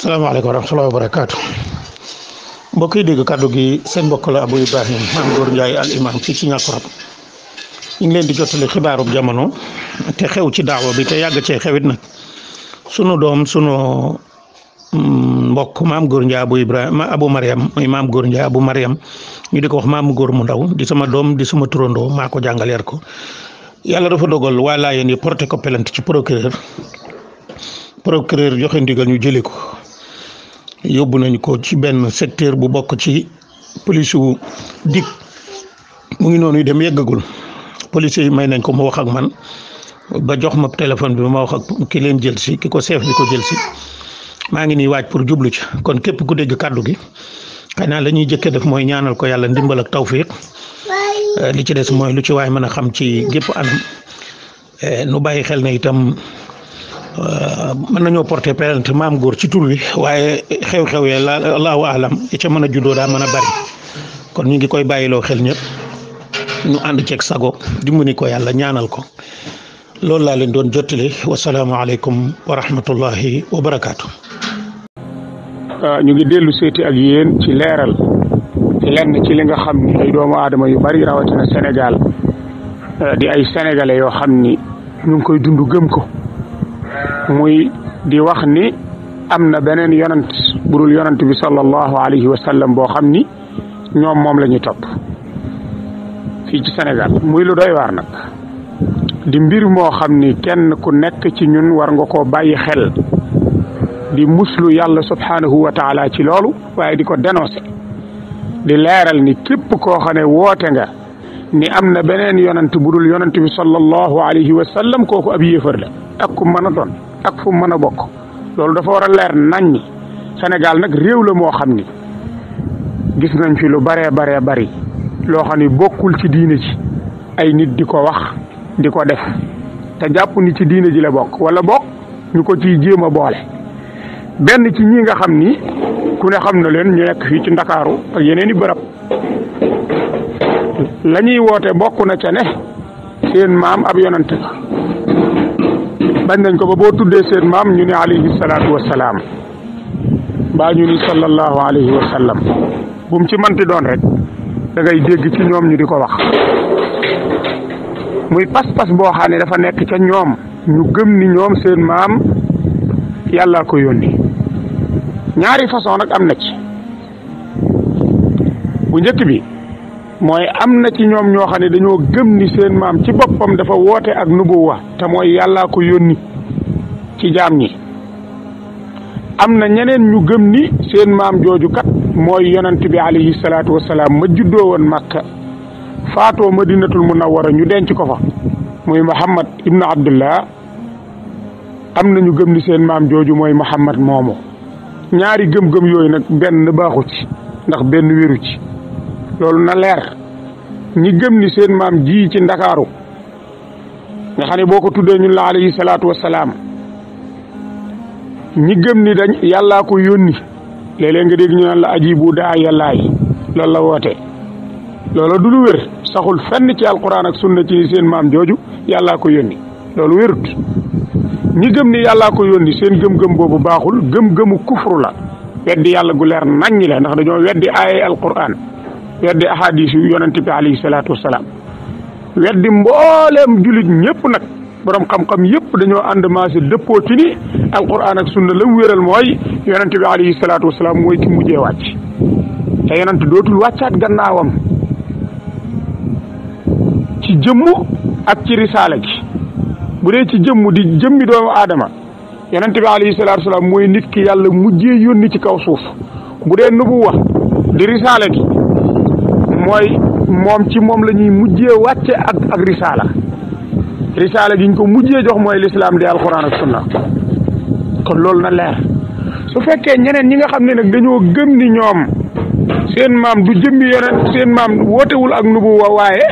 salaamaaleykum wa rahmatulah wa barakaatu dégg kàddu gi seen mbokk la Abou Ibrahim Mame Gor Ndiaye al imam fii ci Niakou Rab ñu ngi leen di jottali xibaaru jamono te xew ci daawa bi te yàgg cee xewit nag sunu doom sunu mm, mbokk maam Gor Ndiaye Abou Ibrahim Abou Mariam muy Mame Gor Ndiaye Abou Mariam ñu di ko wax Mame Gor mu ndaw di sama doom di sama turandoo maa ko jàngaleer ko yàlla dafa dogal waa Laayeen yi porté ko plainte ci procureur procureur joxe ndigal ñu jëlee ko. yóbbu nañ ko ci benn secteur bu bokk ci police wu dik mu ngi noonu yi dem yëggagul police yi may nañ ko mu wax ak man ba jox ma téléphone bi ma wax ak ki leen jël si ki ko seef bi ko jël si maa ngi nii waaj pour jublu ci kon képp ku dégg kàddu gi xanaa la ñuy jëkkee def mooy ñaanal ko yàlla ndimbal ak tawfiq li ci des mooy lu ci waay mën a xam ci gépp anam eh, nu bàyyi xel na itam Euh, mën nañoo porté plainte maam góor ci tur wi waaye xew-xew yee allahu alam yi ca mën a juddoo daa mën a bari kon ñu ngi koy bàyyiloo xel ñëpp ñu ànd ceeg sago ni ko yàlla ñaanal ko loolu laa leen doon jottali wasalaamaaleykum wa rahmatullahi wa barakaatu. Ah, ñu ngi dellu seeti ak yéen ci leeral ci lenn ci li nga xam ni ay doomu aadama yu bari rawatina senegal ah, di ay sénégalais yoo xam ni ñu ngi koy dund gëm ko. muy di wax ni am na beneen yonant bu dul yonant bi sallallahu alayhi wa sallam boo xam ni ñoom moom la ñu topp fii ci senegal muy lu doy waar nag di mbir moo xam ni kenn ku nekk ci ñun war nga koo bàyyi xel di muslu yàlla subhanahu wa taala ci loolu waaye di ko dénoncé di leeral ni képp koo xam ne woote nga ni am na beneen yonant budul dul yonant bi sallallahu alayhi wa sallam kooku ab yéefar la ak ku mën a doon ak fu mën a bokk loolu dafa war a leer nañ ni nag réew la moo xam ni gis nañ fi lu baree baree bari loo xam ni bokkul ci diine ji ay nit di ko wax di ko def te jàpp ni ci diine ji la bokk wala bokk ñu ko ciy jéem a boole benn ci ñi nga xam ni ku ne xam na leen ñu nekk fii ci Ndakaaru ak yeneen i bërëb lañuy woote bokk na ca ne seen maam ab yonante la bañ nañ ko ba boo tuddee seen maam ñu ne alayhi salaatu wa salaam mbaa ñu ni sallallahu alayhi wa sallam bu ci manti doon rek da ngay ci ñoom ñu di ko wax muy pas-pas boo xam ne dafa nekk ca ñoom ñu gëm ni ñoom seen maam yàllaa ko yónni ñaari façon nag am na ci bu njëkk bi mooy am na ci ñoom ñoo xam ne dañoo gëm ni seen maam ci boppam dafa woote ak nubuwa te mooy yàllaa ko yónni ci jaam ñi am na ñeneen ñu gëm ni seen maam jooju kat mooy yonent bi alayhi salaatu wasalaam ma juddoo woon Makka faatoo madinatul munawwara ñu denc ko fa muy Muhammad ibnu Abdullah am na ñu gëm ni seen maam jooju mooy Muhammad moomu ñaari gëm-gëm yooyu nag benn baaxu ci ndax benn wéru ci loolu na leer ñi gëm ni seen maam ji ci ndakaaru nga xam ne boo ko tuddee ñun la alayhi salaatu ñi gëm ni dañ yàllaa ko yónni léeg nga dégg ñu nan la aji bu daa yàllaay loolu la woote loolu du lu wér saxul fenn ci alquran ak sunna ci seen maam jooju yàllaa ko yónni loolu wérut ñi gëm ni yàllaa ko yónni seen gëm-gëm boobu baaxul gëm-gëmu kufru la weddi yàlla gu leer naññi la ndax dañoo weddi aayay alquran weddi ahadis yu yonente bi alayhi salaatu wasalaam weddi mbooleem jullit ñëpp nag boroom xam-xam yëpp dañoo ànd maase dëppoo ci ni alquran ak sunna la wéral mooy yonente bi alayhi salaatu wasalaam mooy ki mujjee wàcc te yonente dootul wàccaat gannaawam ci jëmm ak ci risaala gi bu dee ci jëmm di jëmmi doomu aadama yonent bi alayhi salaatu salaam mooy nit ki yàlla mujjee yónni ci kaw suuf bu dee nubuwa di risaala gi mooy moom ci moom la ñuy mujjee wàcce ak ak risaala risaala gi ko mujjee jox mooy lislaam di alquran ak sunna kon loolu na leer su fekkee ñeneen ñi nga xam ne nag dañoo gëm ni ñoom seen maam du jëmbi yonent seen maam wootewul ak nubuwa waaye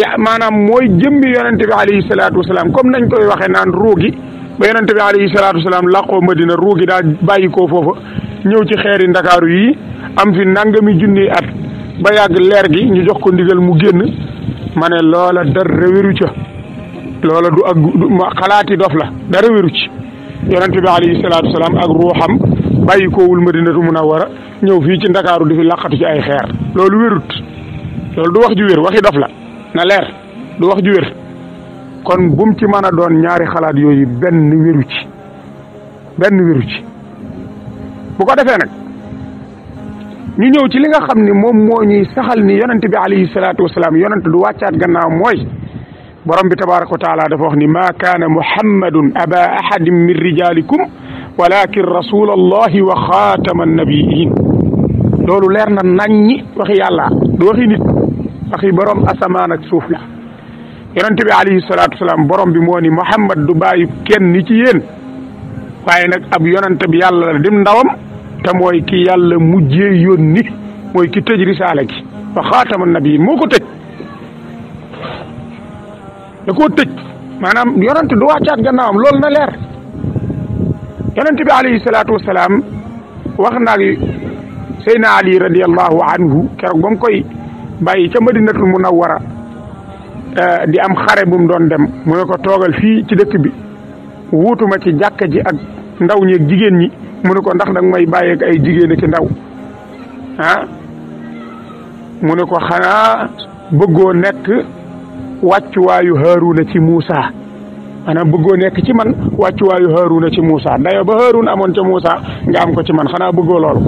ya maanaam mooy jëmbi yonente bi alayhi salaatu wasalaam comme nañ koy waxee naan ruugi ba yonente bi alayhi salaatu wasalaam làqoo Madina ruugi daa bàyyi ko foofa ñëw ci xeeri ndakaaru yi am fi nangami junni at ba yàgg leer gi ñu jox ko ndigal mu génn ma ne loola dara wéru ca loola du ak xalaati dof la dara wéru ci yonente bi alayhi salaatu salaam ak ruuxam bàyyi koowul madinatu munawara ñëw fii ci ndakaaru di fi laqatu ci ay xeer loolu wérut loolu du wax ji wér waxi dof la na leer du wax ji wér kon bum ci mën a doon ñaari xalaat yooyu benn wéru ci benn wéru bu ko defee nag ñu ñëw ci li nga xam ni moom moo ñuy saxal ni yonent bi alayhi salaatu wasalaam yonent du wàccaat gannaaw mooy borom bi tabaraka wa taala dafa wax ni ma kaana muhammadun aba ahadin min rijalikum walakin rasula allahi wa xaatama annabiyin loolu leer na naññi waxi yàlla du waxi nit waxi borom asamaanak suuf la yonent bi alayhi salaatu wasalaam borom bi moo ni muhammad du bàyyi kenn ni ci yéen waaye nag ab yonent bi yàlla la dim ndawam te mooy ki yàlla mujjee yónni mooy ki tëj risaala gi wa xaatama nabi moo ko tëj da koo tëj maanaam yonent du wàccaat gannaawam loolu na leer yonent bi alayhi salaatu wasalaam wax naag Seydina Ali radiyallahu anhu keroog ba mu koy bàyyi ca madinatul munawwara eh, di am xare bu doon dem mu ne ko toogal fii ci dëkk bi wuutuma ci jàkka ji ak ndaw ñeeg jigéen ñi mu ne ko ndax nag may bàyyeeg ay jigéen ki ndaw ah mu ne ko xanaa bëggoo nekk wàccuwaayu Haaruna ci Muusa maanaam bëggoo nekk ci man wàccuwaayu Haaruna ci Muusa dayo ba Haaruna amoon ca Muusa nga am ko ci man xanaa bëggoo loolu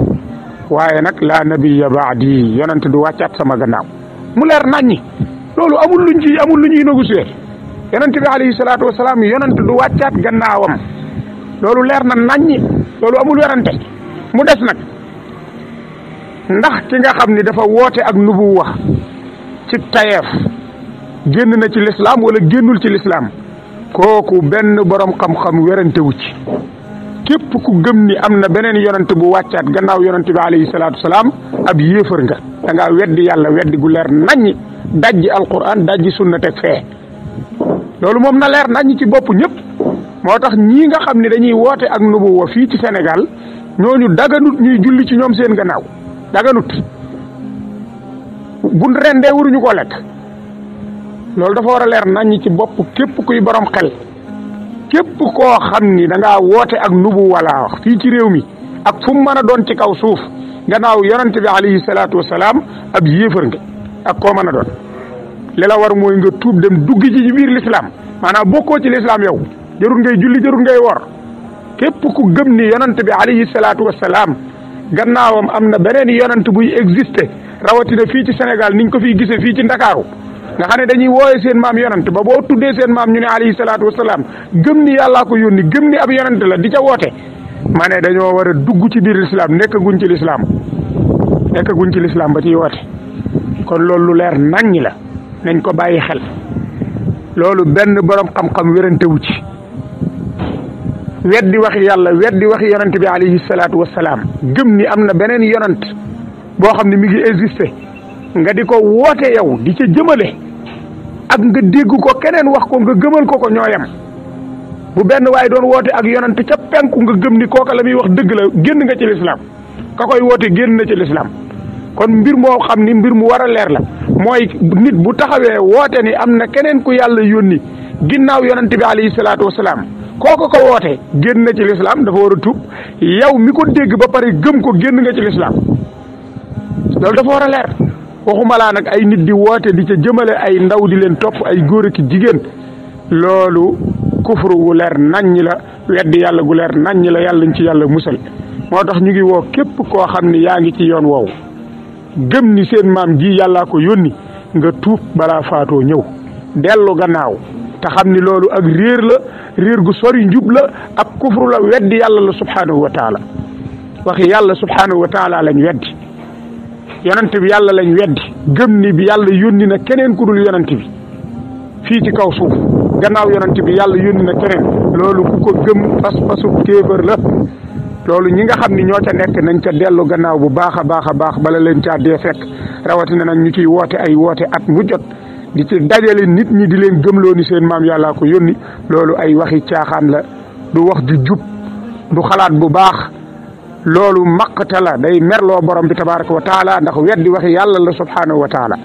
waaye nag laa baax di yonent du wàccaat sama gannaaw mu leer naññi loolu amul luñ ci amul lu ñuy négocier yonent bi alayhi salaatu wasalaam yonent du wàccaat gannaawam loolu leer na naññi loolu amul werante mu des nag ndax ki nga xam ni dafa woote ak nubu wax ci tayeef génn na ci lislaam wala génnul ci lislaam kooku benn boroom xam-xam werante ci képp ku gëm ni am na beneen yonent bu wàccaat gannaaw yonent bi alayhi salaatu salaam ab yéefar nga da ngaa yàlla weddi gu leer naññi dajji alquran dajji sunna teg fee loolu moom na leer naññi ci boppu ñëpp. moo tax ñii nga xam ne dañuy woote ak nubuwa fii ci Sénégal ñooñu daganut ñuy julli ci ñoom seen gannaaw daganut buñ rendee waruñu koo lekk loolu dafa war a leer nañ ci bopp képp kuy borom xel képp koo xam ni da woote ak nubu wala wax fii ci réew mi ak fu mu mën a doon ci kaw suuf gannaaw yonante bi alayhi salaatu wasalaam ab yéefar nga ak koo mën a doon li la war mooy nga tuub dem dugg ci biir lislaam maanaam bokkoo ci lislaam yow jarul ngay julli jarul ngay wor képp ku gëm ni yonant bi alayhi salaatu wassalaam gannaawam am na beneen yonant buy existé rawatina fii ci senegal niñ ko fiy gisee fii ci Ndakaaru nga xam ne dañuy wooye seen maam yonant ba boo tuddee seen maam ñu ne alayhi salaatu salaam gëm ni yàllaa ko yónni gëm ni ab yonant la di ca woote ma dañoo war a dugg ci biir lislaam nekkaguñ ci lislaam nekkaguñ ci lislaam ba ciy woote kon loolu lu leer naññ la nañ ko bàyyi xel loolu benn borom xam-xam ci wet weddi waxi yàlla weddi waxi yonent bi alayhi salaatu wa salaam gëm ni am na beneen yonent boo xam ne mi ngi existé nga di ko woote yow di ca jëmale ak nga dégg ko keneen wax ko nga gëmal ko ko ñooyam bu benn waaye doon woote ak yonent ca penku nga gëm ni kooka la muy wax dëgg la génn nga ci lislaam ka koy woote génn na ci lislaam kon mbir moo xam ni mbir mu war a leer la mooy nit bu taxawee woote ni am na keneen ku yàlla yónni ginnaaw yonent bi alayhi salaatu salaam kooku ko woote génn na ci lislaam dafa war a tuub yow mi ko dégg ba pare gëm ko génn nga ci lislaam loolu dafa war a leer waxuma nag ay nit di woote di ca jëmale ay ndaw di leen topp ay góor ki jigéen loolu kufru gu leer naññ la weddi yàlla gu leer naññ la yàlla ñu ci yàlla musal moo tax ñu ngi woo képp koo xam ni yaa ngi ci yoon woowu gëm ni seen maam ji yàllaa ko yónni nga tuub balaa faatoo ñëw dellu gannaaw te xam ni loolu ak réer la réer gu sori njub la ak kufru la weddi yàlla la subhaanahu wa taala waxi yàlla subhaanahu wa taala lañ weddi yonent bi yàlla lañ weddi gëm ni bi yàlla yónni na keneen ku dul bi fii ci kaw suuf gannaaw yonent bi yàlla yónni na keneen loolu ku ko gëm pas-pasu kéefër la loolu ñi nga xam ni ñoo ca nekk nañ ca dellu gannaaw bu baax a baax a baax bala leen caa dee fekk rawatina na ñu ciy woote ay woote at mu jot di ci dajale nit ñi di leen gëmloo ni seen maam yàllaa ko yónni loolu ay waxi caaxaan la du wax ju jub du xalaat bu baax loolu maqta la day merloo borom bi tabaraka wa taala ndax weddi waxi yàlla la subhanahu wa taala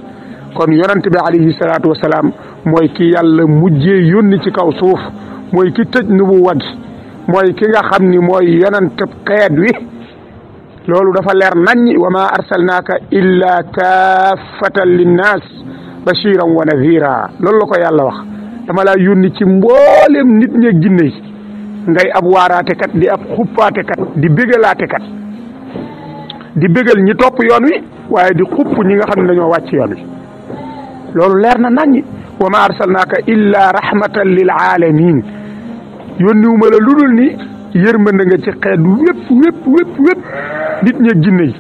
kon yonent bi alayhi salaatu wa salaam mooy ki yàlla mujjee yónni ci kaw suuf mooy ki tëj nu bu wagi mooy ki nga xam ni mooy yonent xeet wi loolu dafa leer naññi wa ma arsalnaaka illa kaafatan linnaas bashiran wa nadhira loolu la ko yàlla wax dama la yónni ci mboolem nit ñeeg jinne yi ngay ab waaraatekat di ab xuppaatekat di bégalaatekat di bégal ñi topp yoon wi waaye di xupp ñi nga xam ne dañoo wàcc yoon wi loolu leer na naññi wa ma arsalnaaka illa rahmatan lil alamin yónniwuma la ludul ni yërmande nga ci xeet wépp wépp wépp nit ñeeg jinne yi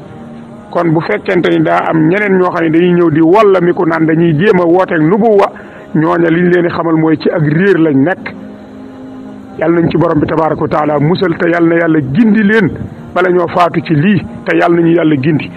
kon bu fekkente ni daa am ñeneen ñoo xam ne dañuy ñëw di walla mi naan dañuy jéem a wooteeg nubuwa ñooña liñ leen di xamal mooy ci ak réer lañ nekk yal nañ ci borom bi tabaaraka wa taala musal te yal na yàlla gindi leen bala ñoo faatu ci lii te yal nañu yàlla gindi